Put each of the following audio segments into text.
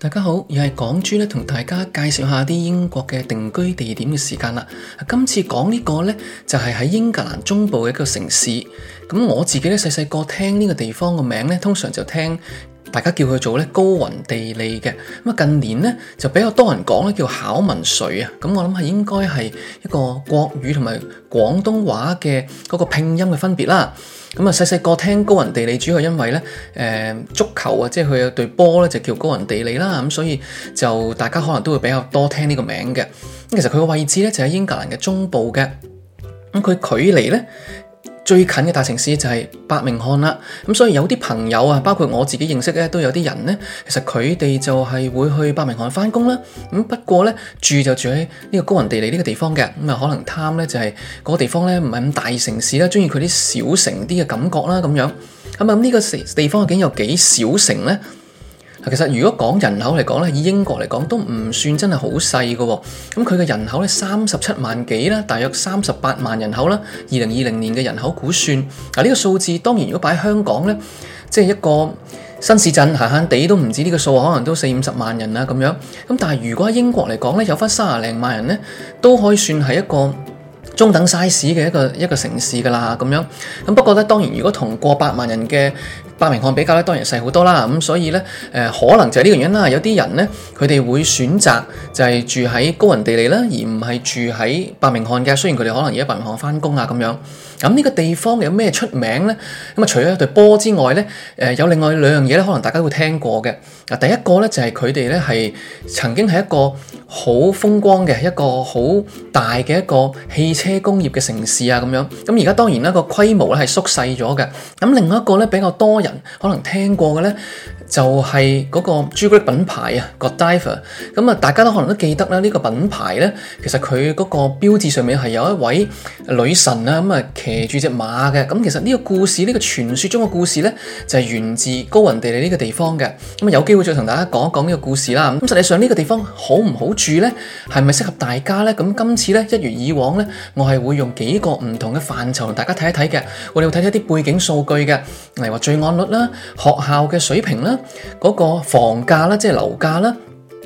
大家好，又係港珠咧，同大家介紹下啲英國嘅定居地點嘅時間啦。今次講呢個咧，就係喺英格蘭中部嘅一個城市。咁我自己咧，細細個聽呢個地方個名咧，通常就聽。大家叫佢做咧，高雲地利嘅。咁啊，近年咧，就比較多人講咧，叫考文垂啊，咁我諗係應該係一個國語同埋廣東話嘅嗰個拼音嘅分別啦。咁啊細細個聽高雲地利，主要因為咧誒、呃、足球啊，即係佢有隊波咧，就叫高雲地利啦，咁所以就大家可能都會比較多聽呢個名嘅。咁其實佢個位置咧，就喺、是、英格蘭嘅中部嘅，咁佢距離咧。最近嘅大城市就係伯明翰啦，咁所以有啲朋友啊，包括我自己認識咧，都有啲人咧，其實佢哋就係會去伯明翰翻工啦，咁不過咧住就住喺呢個高雲地利呢個地方嘅，咁啊可能貪咧就係嗰個地方咧唔係咁大城市啦，中意佢啲小城啲嘅感覺啦咁樣，咁啊呢個地地方究竟有幾小城咧？其實如果講人口嚟講咧，以英國嚟講都唔算真係好細嘅喎。咁佢嘅人口咧三十七萬幾啦，大約三十八萬人口啦。二零二零年嘅人口估算，嗱、這、呢個數字當然如果擺喺香港咧，即係一個新市鎮，閒閒地都唔止呢個數，可能都四五十萬人啦咁樣。咁但係如果喺英國嚟講咧，有返三十零萬人咧，都可以算係一個中等 size 嘅一個一個城市噶啦咁樣。咁不過咧，當然如果同過百萬人嘅伯明翰比較咧當然細好多啦，咁、嗯、所以咧誒、呃、可能就係呢個原因啦。有啲人咧佢哋會選擇就係住喺高雲地利啦，而唔係住喺伯明翰嘅。雖然佢哋可能而家喺伯明翰翻工啊咁樣。咁呢個地方有咩出名呢？咁啊，除咗隊波之外呢，誒有另外兩樣嘢咧，可能大家會聽過嘅。啊，第一個呢，就係佢哋呢係曾經係一個好風光嘅一個好大嘅一個汽車工業嘅城市啊，咁樣。咁而家當然啦，個規模咧係縮細咗嘅。咁另外一個呢，比較多人可能聽過嘅呢。就係嗰個朱古力品牌啊 Godiva 咁啊，大家都可能都記得啦。呢、這個品牌呢，其實佢嗰個標誌上面係有一位女神啊，咁、嗯、啊騎住隻馬嘅。咁、嗯、其實呢個故事，呢、這個傳説中嘅故事呢，就係、是、源自高雲地利呢個地方嘅。咁、嗯、啊，有機會再同大家講一講呢個故事啦。咁、嗯、實際上呢個地方好唔好住咧，係咪適合大家咧？咁、嗯、今次呢，一如以往呢，我係會用幾個唔同嘅範疇同大家睇一睇嘅。我哋會睇一啲背景數據嘅，例如話罪案率啦、學校嘅水平啦。嗰個房價啦，即係樓價啦，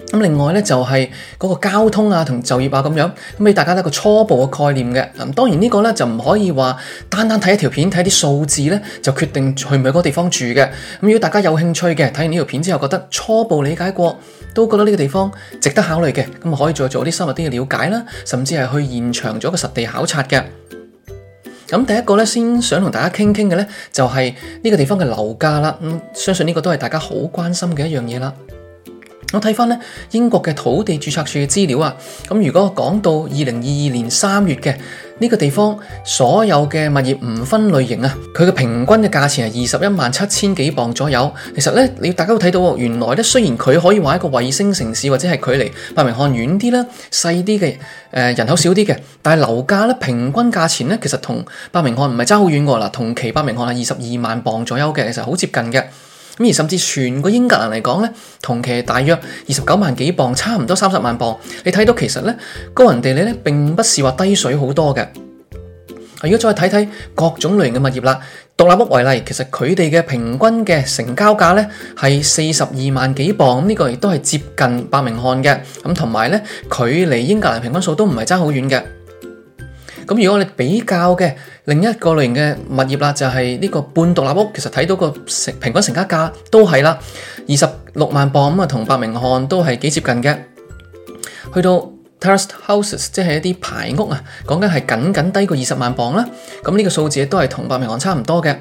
咁另外呢，就係嗰個交通啊，同就業啊咁樣，咁俾大家一個初步嘅概念嘅。咁當然呢個呢，就唔可以話單單睇一條片睇啲數字呢，就決定去唔去嗰個地方住嘅。咁如果大家有興趣嘅，睇完呢條片之後覺得初步理解過，都覺得呢個地方值得考慮嘅，咁可以再做啲深入啲嘅了解啦，甚至係去現場做一個實地考察嘅。咁第一個呢，先想同大家傾傾嘅呢，就係呢個地方嘅樓價啦。咁、嗯、相信呢個都係大家好關心嘅一樣嘢啦。我睇翻呢英國嘅土地註冊處嘅資料啊，咁如果講到二零二二年三月嘅呢個地方所有嘅物業唔分類型啊，佢嘅平均嘅價錢係二十一萬七千幾鎊左右。其實呢，你大家都睇到喎，原來呢，雖然佢可以話一個衛星城市或者係距離伯明翰遠啲啦、細啲嘅誒人口少啲嘅，但係樓價呢，平均價錢呢，其實同伯明翰唔係差好遠喎。嗱，同期伯明翰係二十二萬鎊左右嘅，其實好接近嘅。而甚至全個英格蘭嚟講咧，同期大約二十九萬幾鎊，差唔多三十萬鎊。你睇到其實咧，高雲地利咧並不是話低水好多嘅。如果再睇睇各種類型嘅物業啦，獨立屋為例，其實佢哋嘅平均嘅成交價咧係四十二萬幾鎊，咁、這、呢個亦都係接近伯明翰嘅。咁同埋呢距離英格蘭平均數都唔係差好遠嘅。咁如果你比較嘅另一個類型嘅物業啦，就係、是、呢個半獨立屋，其實睇到個平均成交價都係啦，二十六萬鎊咁啊，同伯明翰都係幾接近嘅。去到 Terrace houses 即係一啲排屋啊，講緊係僅僅低過二十萬鎊啦。咁呢個數字都係同伯明翰差唔多嘅。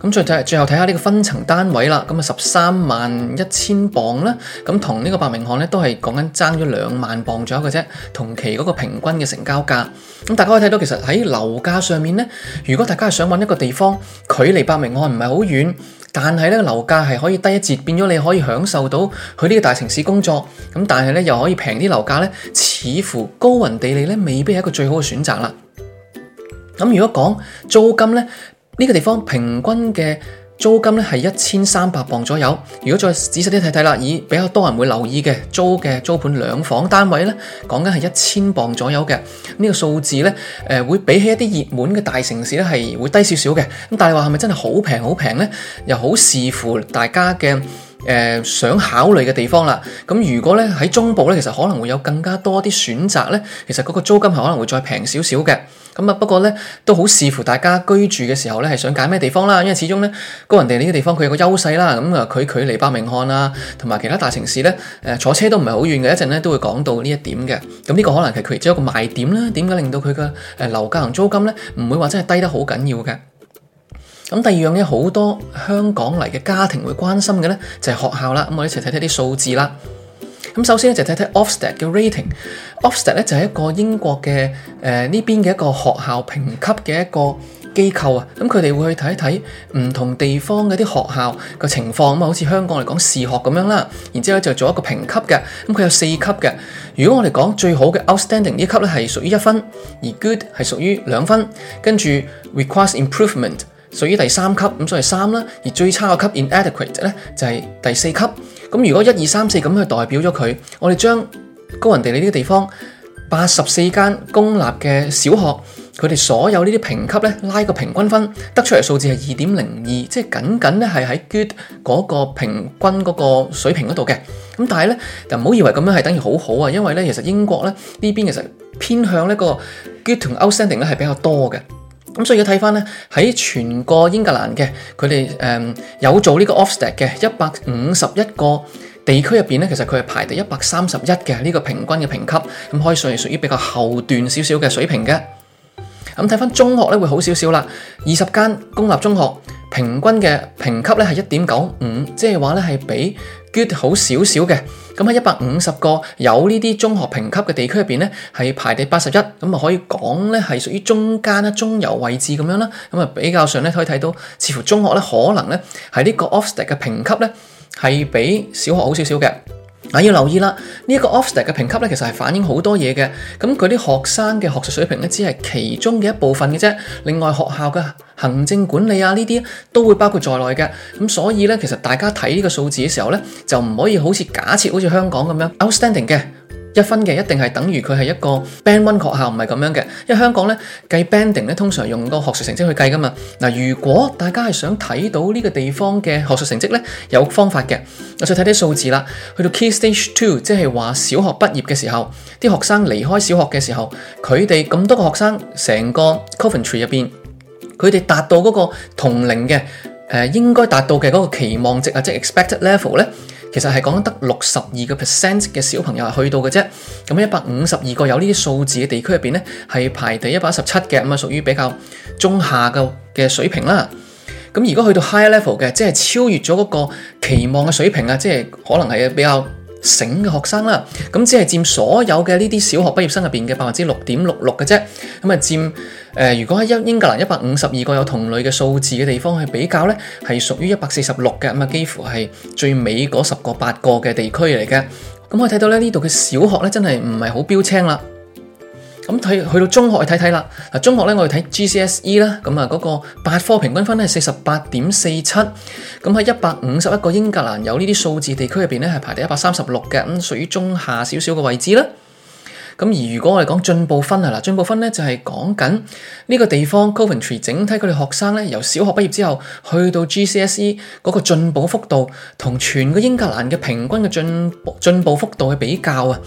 咁再睇，最後睇下呢個分層單位啦。咁啊，十三萬一千磅咧，咁同呢個伯明翰呢都係講緊爭咗兩萬磅左右嘅啫。同期嗰個平均嘅成交價。咁大家可以睇到，其實喺樓價上面呢，如果大家係想揾一個地方，距離伯明翰唔係好遠，但係呢個樓價係可以低一截，變咗你可以享受到去呢個大城市工作。咁但係呢又可以平啲樓價呢，似乎高雲地利呢未必係一個最好嘅選擇啦。咁如果講租金呢。呢個地方平均嘅租金咧係一千三百磅左右。如果再仔細啲睇睇啦，以比較多人會留意嘅租嘅租盤兩房單位咧，講緊係一千磅左右嘅、這個、呢個數字咧，會比起一啲熱門嘅大城市咧係會低少少嘅，咁但係話係咪真係好平好平呢？又好視乎大家嘅。呃、想考慮嘅地方啦，咁如果咧喺中部咧，其實可能會有更加多啲選擇咧，其實嗰個租金係可能會再平少少嘅，咁啊不過咧都好視乎大家居住嘅時候咧係想揀咩地方啦，因為始終咧高雲地利呢啲地方佢有個優勢啦，咁啊佢距離伯明翰啊同埋其他大城市咧，誒、呃、坐車都唔係好遠嘅，一陣咧都會講到呢一點嘅，咁呢個可能係佢只一個賣點啦，點解令到佢嘅誒樓價同租金咧唔會話真係低得好緊要嘅？咁第二樣嘢好多香港嚟嘅家庭會關心嘅呢，就係學校啦。咁我哋一齊睇睇啲數字啦。咁首先咧就睇睇 Ofsted 嘅 rating。Ofsted 呢，就係一個英國嘅誒呢邊嘅一個學校評級嘅一個機構啊。咁佢哋會去睇一睇唔同地方嘅啲學校個情況啊。咁好似香港嚟講視學咁樣啦。然之後就做一個評級嘅。咁佢有四級嘅。如果我哋講最好嘅 outstanding 呢級咧係屬於一分，而 good 係屬於兩分，跟住 requires improvement，屬於第三級咁，所以三啦；而最差個級 inadequate 咧，In ate，就係第四級。咁如果一二三四咁去代表咗佢，我哋將高雲地利呢啲地方八十四間公立嘅小學，佢哋所有呢啲評級咧拉個平均分，得出嚟數字係二點零二，即係僅僅咧係喺 good 嗰個平均嗰個水平嗰度嘅。咁但係咧，就唔好以為咁樣係等於好好啊，因為咧，其實英國咧呢邊其實偏向呢個 good 同 outstanding 咧係比較多嘅。咁所以要睇翻咧，喺全個英格蘭嘅佢哋誒有做呢個 Ofsted f 嘅一百五十一個地區入邊咧，其實佢係排第一百三十一嘅呢個平均嘅評級，咁、嗯、可以算係屬於比較後段少少嘅水平嘅。咁睇翻中學咧會好少少啦，二十間公立中學平均嘅評級咧係一點九五，即係話咧係比 Good 好少少嘅，咁喺一百五十個有呢啲中學評級嘅地區入邊呢，係排第八十一，咁啊可以講呢係屬於中間啦、中游位置咁樣啦，咁啊比較上呢，可以睇到，似乎中學呢可能呢，喺呢個 Ofsted 嘅評級呢，係比小學好少少嘅。啊，要留意啦！呢一個 Ofsted 嘅評級呢，其實係反映好多嘢嘅。咁佢啲學生嘅學術水平呢，只係其中嘅一部分嘅啫。另外學校嘅行政管理啊，呢啲都會包括在內嘅。咁所以呢，其實大家睇呢個數字嘅時候呢，就唔可以好似假設好似香港咁樣 outstanding 嘅。Out 一分嘅一定係等於佢係一個 band one 學校，唔係咁樣嘅。因為香港咧計 banding 咧，通常用個學術成績去計噶嘛。嗱，如果大家係想睇到呢個地方嘅學術成績呢，有方法嘅。我再睇啲數字啦。去到 key stage two，即係話小學畢業嘅時候，啲學生離開小學嘅時候，佢哋咁多個學生成個 Coventry 入邊，佢哋達到嗰個同齡嘅誒應該達到嘅嗰個期望值啊，即係 expected level 咧。其實係講得六十二個 percent 嘅小朋友係去到嘅啫，咁一百五十二個有呢啲數字嘅地區入面呢，係排第一百一十七嘅，咁啊屬於比較中下嘅水平啦。咁如果去到 higher level 嘅，即係超越咗嗰個期望嘅水平啊，即係可能係比較醒嘅學生啦，咁只係佔所有嘅呢啲小學畢業生入邊嘅百分之六點六六嘅啫，咁啊佔誒、呃、如果喺一英格蘭一百五十二個有同類嘅數字嘅地方去比較咧，係屬於一百四十六嘅，咁啊幾乎係最尾嗰十個八個嘅地區嚟嘅，咁可以睇到咧，呢度嘅小學咧真係唔係好標青啦。咁去到中學去睇睇啦，嗱，中學呢，我哋睇 G C S E 啦，咁啊嗰個八科平均分呢係四十八點四七，咁喺一百五十一個英格蘭有呢啲數字地區入邊呢，係排第一百三十六嘅，咁屬於中下少少嘅位置啦。咁而如果我哋講進步分啊，嗱，進步分呢就係講緊呢個地方 Coventry 整體佢哋學生呢，由小學畢業之後去到 G C S E 嗰個進步幅度同全個英格蘭嘅平均嘅進進步幅度去比較啊。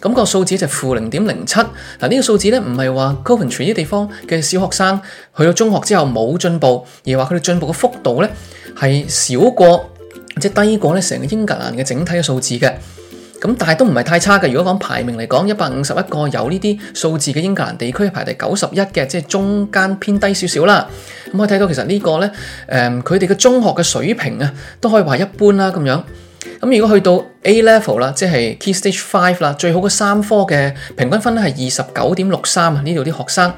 咁個數字就負零點零七，嗱、啊這個、呢個數字咧唔係話 Coventry 呢啲地方嘅小學生去到中學之後冇進步，而話佢哋進步嘅幅度咧係少過即低過咧成個英格蘭嘅整體嘅數字嘅。咁、嗯、但係都唔係太差嘅。如果講排名嚟講，一百五十一個有呢啲數字嘅英格蘭地區排第九十一嘅，即係中間偏低少少啦。咁、嗯、可以睇到其實個呢個咧，誒佢哋嘅中學嘅水平啊，都可以話一般啦咁樣。咁如果去到 A level 啦，即係 Key Stage Five 啦，最好嘅三科嘅平均分咧係二十九點六三啊！呢度啲學生，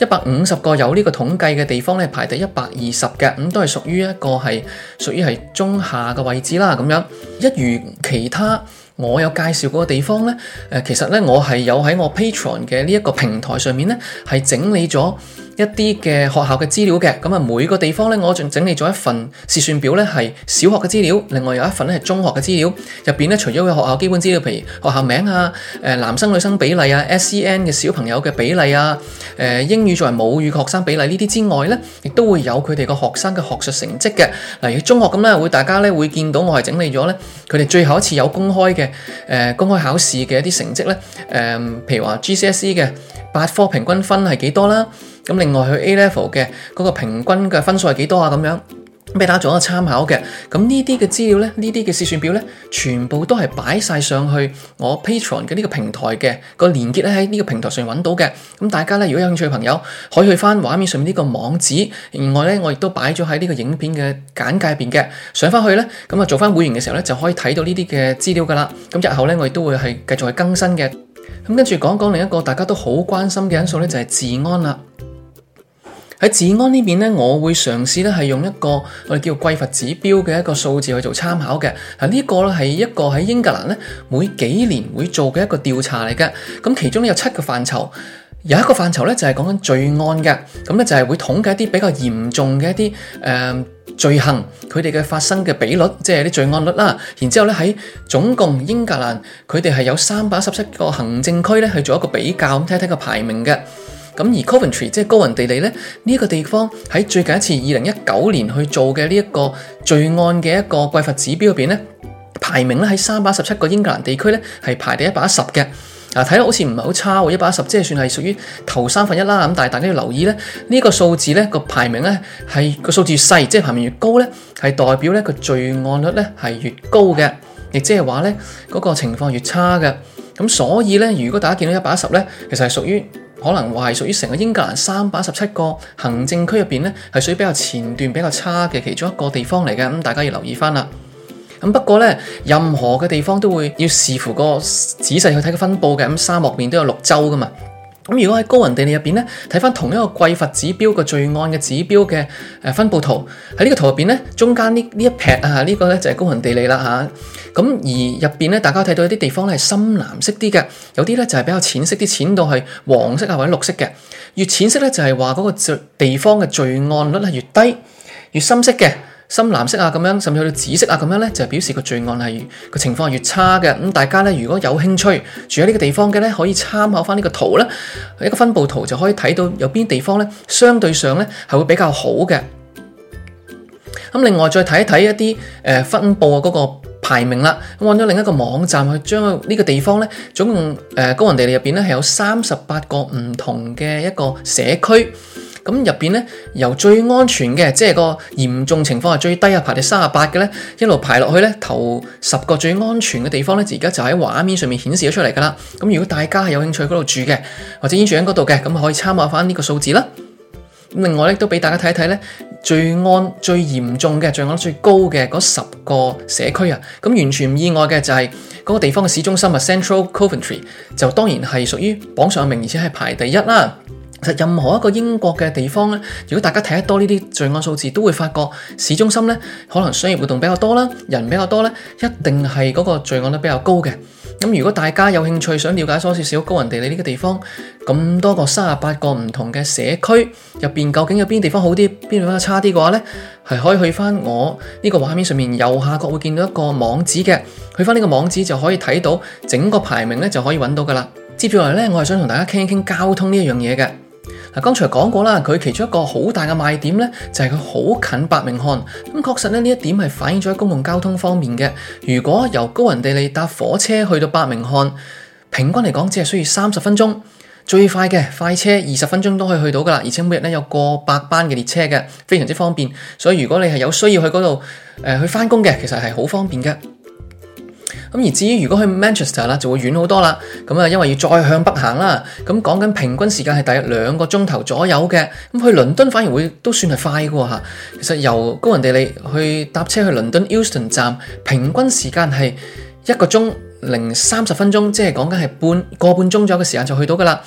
一百五十個有呢個統計嘅地方呢，排第一百二十嘅，咁都係屬於一個係屬於係中下嘅位置啦，咁樣一如其他。我有介紹過嗰個地方呢、呃，其實呢，我係有喺我 Patreon 嘅呢一個平台上面呢，係整理咗一啲嘅學校嘅資料嘅。咁、嗯、啊，每個地方呢，我仲整理咗一份試算表呢係小學嘅資料，另外有一份呢係中學嘅資料。入邊呢，除咗佢學校基本資料，譬如學校名啊、誒、呃、男生女生比例啊、SEN 嘅小朋友嘅比例啊、誒、呃、英語作為母語學生比例呢啲之外呢，亦都會有佢哋個學生嘅學術成績嘅。嗱，中學咁呢，會大家呢會見到我係整理咗呢，佢哋最後一次有公開嘅。誒、呃，公開考試嘅一啲成績咧，誒、呃，譬如話 GCSE 嘅八科平均分係幾多啦？咁另外佢 A level 嘅嗰個平均嘅分數係幾多啊？咁樣。俾大家做一個參考嘅，咁呢啲嘅資料呢，呢啲嘅試算表呢，全部都係擺晒上去我 Patreon 嘅呢個平台嘅個鏈接咧，喺呢個平台上揾到嘅。咁大家呢，如果有興趣嘅朋友，可以去翻畫面上面呢個網址。另外呢，我亦都擺咗喺呢個影片嘅簡介入邊嘅，上翻去呢，咁啊做翻會員嘅時候呢，就可以睇到呢啲嘅資料噶啦。咁日後呢，我亦都會係繼續去更新嘅。咁跟住講講另一個大家都好關心嘅因素呢，就係治安啦。喺治安邊呢邊咧，我會嘗試咧係用一個我哋叫貧乏指標嘅一個數字去做參考嘅。啊，呢個咧係一個喺英格蘭咧每幾年會做嘅一個調查嚟嘅。咁其中咧有七個範疇，有一個範疇咧就係講緊罪案嘅。咁咧就係會統計一啲比較嚴重嘅一啲誒、呃、罪行，佢哋嘅發生嘅比率，即係啲罪案率啦。然之後咧喺總共英格蘭，佢哋係有三百一十七個行政區咧去做一個比較，咁睇睇個排名嘅。咁而 Coventry 即係高雲地利咧，呢、這、一個地方喺最近一次二零一九年去做嘅呢一個罪案嘅一個匱乏指標入邊咧，排名咧喺三百一十七個英格蘭地區咧係排第一百一十嘅。啊，睇落好似唔係好差喎，一百一十即係算係屬於頭三分一啦。咁但係大家要留意咧，呢、這個數字咧個排名咧係、這個數字越細，即係排名越高咧，係代表咧個罪案率咧係越高嘅，亦即係話咧嗰個情況越差嘅。咁所以咧，如果大家見到一百一十咧，其實係屬於，可能話係屬於成個英格蘭三百一十七個行政區入邊呢，係屬於比較前段，比較差嘅其中一個地方嚟嘅，咁大家要留意翻返啦。咁不過呢，任何嘅地方都會要視乎個仔細去睇個分布嘅，咁沙漠面都有綠洲㗎嘛。咁如果喺高雲地利入邊咧，睇翻同一個貴佛指標個罪案嘅指標嘅誒分布圖，喺呢個圖入邊咧，中間呢呢一撇啊，呢、這個咧就係高雲地利啦吓。咁、啊、而入邊咧，大家睇到一啲地方咧係深藍色啲嘅，有啲咧就係比較淺色啲，淺到係黃色啊或者綠色嘅。越淺色咧就係話嗰個地方嘅罪案率係越低，越深色嘅。深藍色啊，咁樣，甚至去到紫色啊，咁樣呢，就表示個罪案係個情況係越差嘅。咁大家呢，如果有興趣住喺呢個地方嘅呢，可以參考翻呢個圖啦。一個分佈圖就可以睇到有邊啲地方呢，相對上呢係會比較好嘅。咁另外再睇一睇一啲誒分佈嘅嗰個排名啦。按咗另一個網站去將呢個地方呢，總共誒高雲地利入邊呢，係有三十八個唔同嘅一個社區。咁入面呢，由最安全嘅，即係個嚴重情況係最低啊，排第三十八嘅呢，一路排落去呢，頭十個最安全嘅地方呢，而家就喺畫面上面顯示咗出嚟噶啦。咁如果大家係有興趣喺嗰度住嘅，或者已經住喺嗰度嘅，咁可以參考翻呢個數字啦。咁另外呢，都俾大家睇睇呢，最安最嚴重嘅，最安最，最高嘅嗰十個社區啊。咁完全唔意外嘅就係嗰個地方嘅市中心啊，Central Coventry 就當然係屬於榜上有名，而且係排第一啦。其實任何一個英國嘅地方咧，如果大家睇得多呢啲罪案數字，都會發覺市中心咧可能商業活動比較多啦，人比較多咧，一定係嗰個罪案率比較高嘅。咁如果大家有興趣想了解多少少高雲地利呢個地方咁多個三十八個唔同嘅社區入邊究竟有邊地方好啲，邊地方差啲嘅話咧，係可以去翻我呢個畫面上面右下角會見到一個網址嘅，去翻呢個網址就可以睇到整個排名咧就可以揾到噶啦。接住嚟咧，我係想同大家傾一傾交通呢一樣嘢嘅。嗱，剛才講過啦，佢其中一個好大嘅賣點咧，就係佢好近伯明翰。咁確實咧，呢一點係反映咗喺公共交通方面嘅。如果由高雲地利搭火車去到伯明翰，平均嚟講只係需要三十分鐘，最快嘅快車二十分鐘都可以去到㗎喇。而且每日咧有過百班嘅列車嘅，非常之方便。所以如果你係有需要去嗰度、呃、去返工嘅，其實係好方便嘅。而至於如果去 Manchester 就會遠好多啦。咁因為要再向北行啦。咁講緊平均時間係大約兩個鐘頭左右嘅。咁去倫敦反而會都算係快嘅嚇。其實由高雲地利去搭車去倫敦 Euston 站，平均時間係一個鐘零三十分鐘，即係講緊係半個半鐘左右嘅時間就去到噶啦。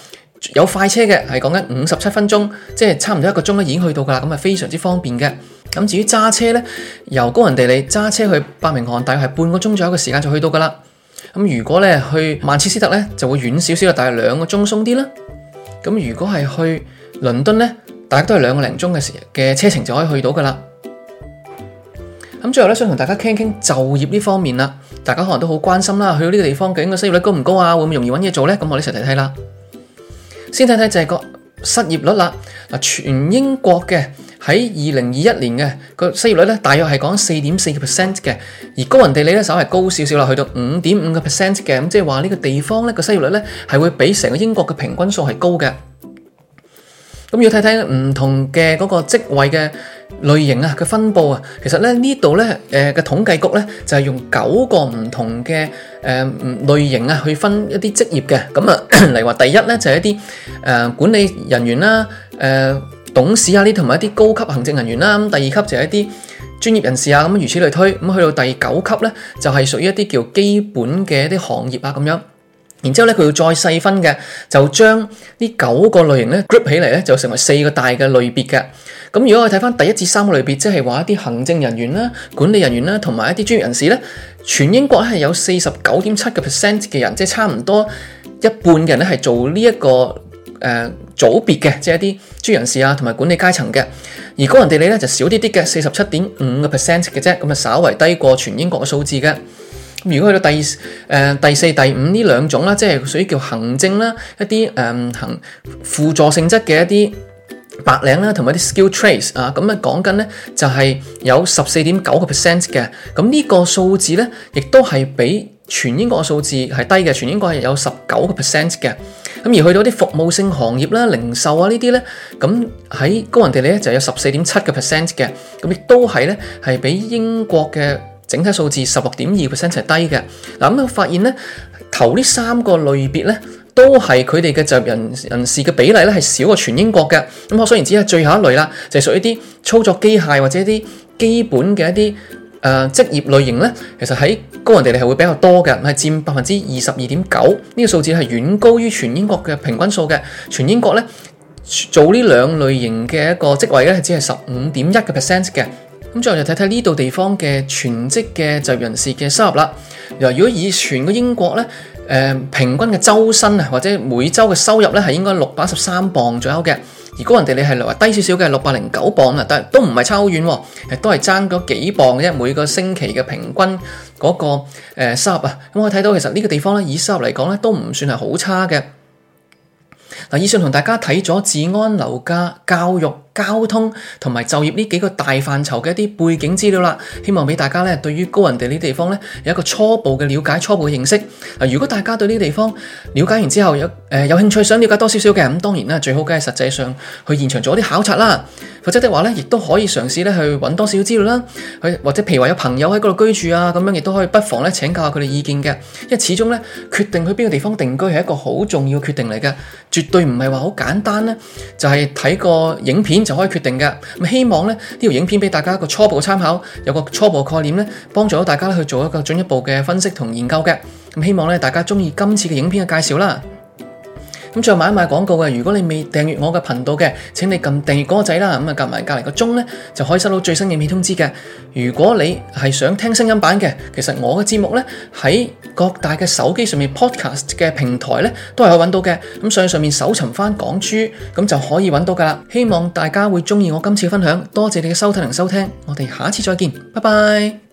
有快車嘅係講緊五十七分鐘，即係差唔多一個鐘已經去到噶啦。咁係非常之方便嘅。咁至於揸車呢，由高雲地利揸車去伯明翰，大概係半個鐘左右嘅時間就去到噶啦。咁如果呢去曼徹斯特呢，就會遠少少啦，大概兩個鐘鬆啲啦。咁如果係去倫敦呢，大約都係兩個零鐘嘅時嘅車程就可以去到噶啦。咁最後呢，想同大家傾傾就業呢方面啦，大家可能都好關心啦，去到呢個地方究竟個失業率高唔高啊，會唔會容易揾嘢做呢？咁我哋一齊睇睇啦。先睇睇這個。失業率啦，嗱，全英國嘅喺二零二一年嘅個失業率咧，大約係講四點四個 percent 嘅，而高雲地利咧，稍為高少少啦，去到五點五個 percent 嘅，咁即係話呢個地方咧，個失業率咧，係會比成個英國嘅平均數係高嘅。咁要睇睇唔同嘅嗰個職位嘅。類型啊，佢分佈啊，其實咧呢度咧，誒嘅、呃、統計局咧就係、是、用九個唔同嘅誒、呃、類型啊去分一啲職業嘅，咁啊例如話第一咧就係、是、一啲誒、呃、管理人員啦，誒、呃、董事啊呢同埋一啲高級行政人員啦，咁第二級就係一啲專業人士啊，咁如此類推，咁去到第九級咧就係屬於一啲叫基本嘅一啲行業啊咁樣。然之後咧，佢要再細分嘅，就將呢九個類型咧 group 起嚟咧，就成為四個大嘅類別嘅。咁如果我睇翻第一至三個類別，即係話一啲行政人員啦、管理人員啦，同埋一啲專業人士咧，全英國咧係有四十九點七個 percent 嘅人，即係差唔多一半嘅人咧係做呢、這、一個誒、呃、組別嘅，即係一啲專業人士啊，同埋管理階層嘅。而高雲地利咧就少啲啲嘅，四十七點五個 percent 嘅啫，咁啊稍為低過全英國嘅數字嘅。如果去到第誒、呃、第四、第五呢兩種啦，即係屬於叫行政啦，一啲誒、嗯、行輔助性質嘅一啲白領啦，同埋啲 skill trades 啊，咁咧講緊咧就係、是、有十四點九個 percent 嘅，咁呢個數字咧亦都係比全英國嘅數字係低嘅，全英國係有十九個 percent 嘅。咁、嗯、而去到啲服務性行業啦、零售啊呢啲咧，咁、嗯、喺高雲地利咧就有十四點七個 percent 嘅，咁、嗯、亦都係咧係比英國嘅。整體數字十六點二 percent 係低嘅。嗱咁啊發現咧，頭呢三個類別咧都係佢哋嘅就業人人士嘅比例咧係少過全英國嘅。咁我雖然只係最後一類啦，就係屬於啲操作機械或者一啲基本嘅一啲誒職業類型咧，其實喺高雲地利係會比較多嘅，係佔百分之二十二點九呢個數字係遠高於全英國嘅平均數嘅。全英國咧做呢兩類型嘅一個職位咧係只係十五點一嘅 percent 嘅。咁最後就睇睇呢度地方嘅全職嘅就業人士嘅收入啦。又如果以全個英國咧，誒、呃、平均嘅周薪啊，或者每週嘅收入咧，係應該六百一十三磅左右嘅。如果人哋你係話低少少嘅六百零九磅啊，但都唔係差好遠，誒都係爭咗幾磅啫。每個星期嘅平均嗰個收入啊，咁、嗯、可以睇到其實呢個地方咧，以收入嚟講咧，都唔算係好差嘅。以上同大家睇咗治安、樓價、教育、交通同埋就業呢幾個大範疇嘅一啲背景資料啦，希望俾大家咧對於高雲地利呢啲地方咧有一個初步嘅了解、初步嘅認識。啊，如果大家對呢啲地方了解完之後有誒、呃、有興趣想了解多少少嘅，咁當然咧最好梗係實際上去現場做一啲考察啦，否則的話咧亦都可以嘗試咧去揾多少少資料啦，去或者譬如話有朋友喺嗰度居住啊，咁樣亦都可以不妨咧請教下佢哋意見嘅，因為始終咧決定去邊個地方定居係一個好重要決定嚟嘅，絕。對唔係話好簡單咧，就係睇個影片就可以決定噶。希望咧呢這條影片俾大家一個初步嘅參考，有個初步概念咧，幫助到大家去做一個進一步嘅分析同研究嘅。咁希望咧大家中意今次嘅影片嘅介紹啦。咁再買一買廣告嘅。如果你未訂閱我嘅頻道嘅，請你撳訂閱歌仔啦。咁啊，夾埋隔籬個鐘咧，就可以收到最新影片通知嘅。如果你係想聽聲音版嘅，其實我嘅節目呢，喺各大嘅手機上面 Podcast 嘅平台呢，都係可以揾到嘅。咁上上面搜尋翻港珠咁就可以揾到噶啦。希望大家會中意我今次嘅分享，多謝你嘅收睇同收聽，我哋下次再見，拜拜。